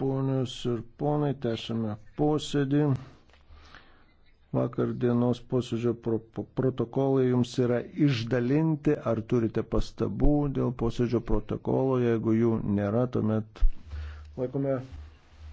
Ponios ir ponai, tęsime posėdį. Vakar dienos posėdžio pro, protokolai jums yra išdalinti. Ar turite pastabų dėl posėdžio protokolo? Jeigu jų nėra, tuomet laikome